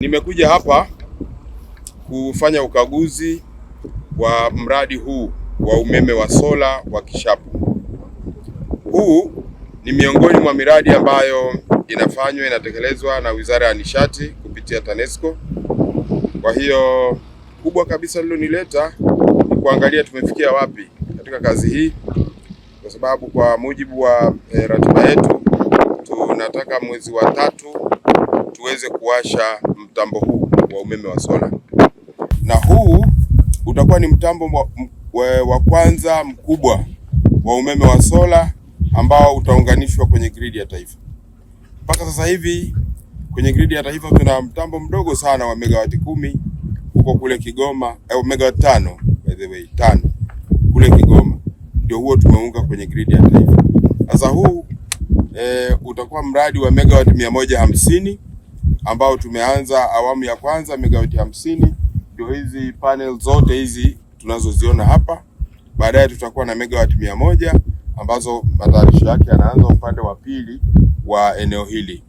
Nimekuja hapa kufanya ukaguzi wa mradi huu wa umeme wa sola wa Kishapu. Huu ni miongoni mwa miradi ambayo inafanywa inatekelezwa na Wizara ya Nishati kupitia TANESCO. Kwa hiyo kubwa kabisa lilonileta ni kuangalia tumefikia wapi katika kazi hii, kwa sababu kwa mujibu wa eh, ratiba yetu tunataka mwezi wa tatu tuweze kuwasha mtambo huu wa umeme wa sola, na huu utakuwa ni mtambo wa, wa kwanza mkubwa wa umeme wa sola ambao utaunganishwa kwenye gridi ya taifa. Mpaka sasa hivi kwenye gridi ya taifa tuna mtambo mdogo sana wa megawati kumi huko kule Kigoma, eh, megawati tano, by the way, tano kule Kigoma ndio huo tumeunga kwenye gridi ya taifa. Sasa huu eh, utakuwa mradi wa megawati mia moja hamsini ambao tumeanza awamu ya kwanza megawati hamsini, ndio hizi panel zote hizi tunazoziona hapa. Baadaye tutakuwa na megawati mia moja ambazo matayarisho yake yanaanza upande wa pili wa eneo hili.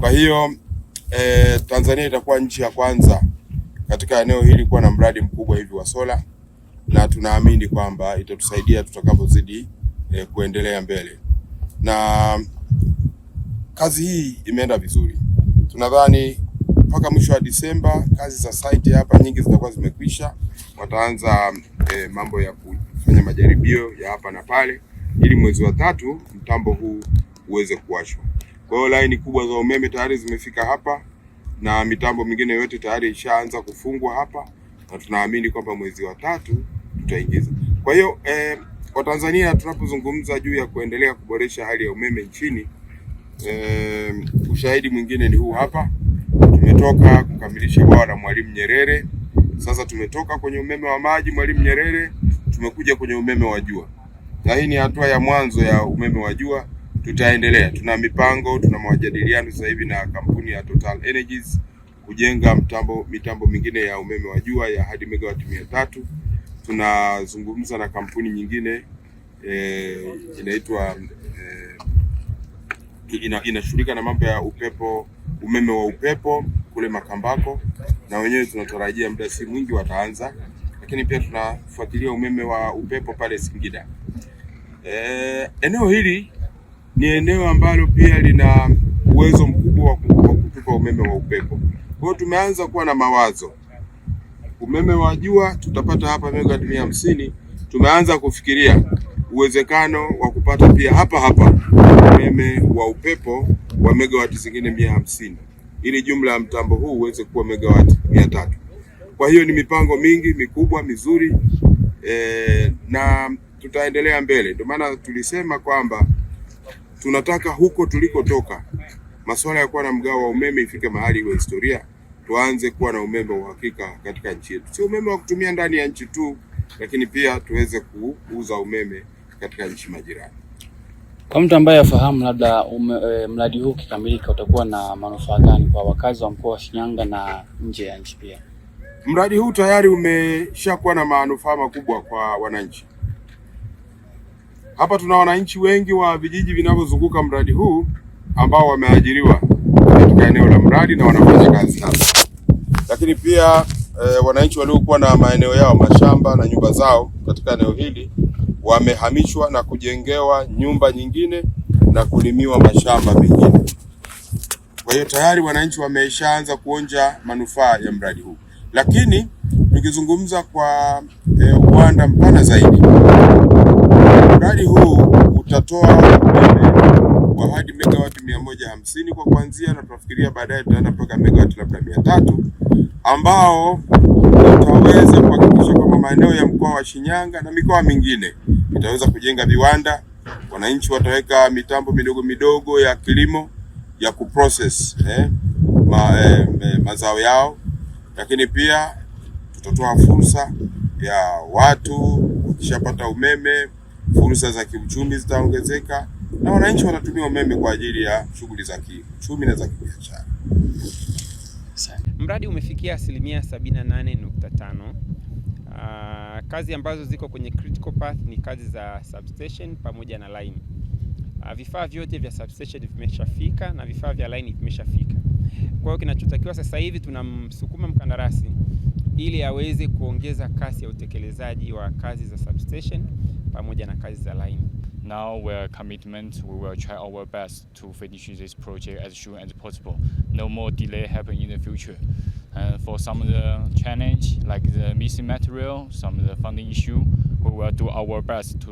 Kwa hiyo eh, Tanzania itakuwa nchi ya kwanza katika eneo hili kuwa na mradi mkubwa hivi wa sola, na tunaamini kwamba itatusaidia tutakapozidi eh, kuendelea mbele, na kazi hii imeenda vizuri tunadhani mpaka mwisho wa Disemba kazi za site hapa nyingi zitakuwa zimekwisha. Wataanza e, mambo ya kufanya majaribio ya hapa na pale, ili mwezi wa tatu mtambo huu uweze kuwashwa. Kwa hiyo laini kubwa za umeme tayari zimefika hapa na mitambo mingine yote tayari ishaanza kufungwa hapa, na tunaamini kwamba mwezi wa tatu tutaingiza. Kwa hiyo e, Watanzania tunapozungumza juu ya kuendelea kuboresha hali ya umeme nchini E, ushahidi mwingine ni huu hapa. Tumetoka kukamilisha bwawa la Mwalimu Nyerere, sasa tumetoka kwenye umeme wa maji Mwalimu Nyerere, tumekuja kwenye umeme wa jua, na hii ni hatua ya mwanzo ya umeme wa jua. Tutaendelea, tuna mipango, tuna majadiliano sasa hivi na kampuni ya Total Energies kujenga mtambo, mitambo mingine ya umeme wa jua ya hadi megawati mia tatu. Tunazungumza na kampuni nyingine eh, inaitwa eh, ina, na mambo ya upepo, umeme wa upepo kule Makambako, na wenyewe tunatarajia muda si mwingi wataanza, lakini pia tunafuatilia umeme wa upepo pale Singida. E, eneo hili ni eneo ambalo pia lina uwezo mkubwa wa kutupa umeme wa upepo. Kwa hiyo tumeanza kuwa na mawazo, umeme wa jua tutapata hapa megawati mia hamsini. Tumeanza kufikiria uwezekano wa kupata pia hapa hapa umeme wa upepo wa megawati zingine mia hamsini ili jumla ya mtambo huu uweze kuwa megawati mia tatu. Kwa hiyo ni mipango mingi mikubwa mizuri e, na tutaendelea mbele. Ndio maana tulisema kwamba tunataka huko tulikotoka masuala ya kuwa na mgao wa umeme ifike mahali iwe historia, tuanze kuwa na umeme wa uhakika katika nchi yetu, si umeme wa kutumia ndani ya nchi tu, lakini pia tuweze kuuza umeme katika nchi majirani. Kwa mtu ambaye afahamu labda e, mradi huu ukikamilika utakuwa na manufaa gani kwa wakazi wa mkoa wa Shinyanga na nje ya nchi pia? Mradi huu tayari umeshakuwa na manufaa makubwa kwa wananchi. Hapa tuna wananchi wengi wa vijiji vinavyozunguka mradi huu ambao wameajiriwa katika eneo la mradi na wanafanya kazi hapa, lakini pia e, wananchi waliokuwa na maeneo yao mashamba na nyumba zao katika eneo hili wamehamishwa na kujengewa nyumba nyingine na kulimiwa mashamba mengine. Kwa hiyo tayari wananchi wameshaanza kuonja manufaa ya mradi huu, lakini tukizungumza kwa e, mpana zaidi, mradi huu utatoa umeme wa hadi megawati mia moja hamsini kwa kuanzia, na tunafikiria baadaye tutaenda mpaka megawati labda mia tatu ambao utaweza kuhakikisha kwamba maeneo ya mkoa wa Shinyanga na mikoa mingine itaweza kujenga viwanda, wananchi wataweka mitambo midogo midogo ya kilimo ya kuprocess eh, ma, eh, mazao yao, lakini pia tutatoa fursa ya watu wakishapata umeme, fursa za kiuchumi zitaongezeka na wananchi watatumia umeme kwa ajili ya shughuli za kiuchumi na za kibiashara. Mradi umefikia asilimia 78.5. Uh, kazi ambazo ziko kwenye critical path ni kazi za substation pamoja na line. Uh, vifaa vyote vya substation vimeshafika na vifaa vya line vimeshafika. Kwa hiyo kinachotakiwa sasa hivi tunamsukuma mkandarasi ili aweze kuongeza kasi ya utekelezaji wa kazi za substation pamoja na kazi za line. Now we're commitment, we will try our best to finish this project as soon as possible. No more delay happen in the future. And for some of the challenge, like the missing material, some of the funding issue, we will do our best to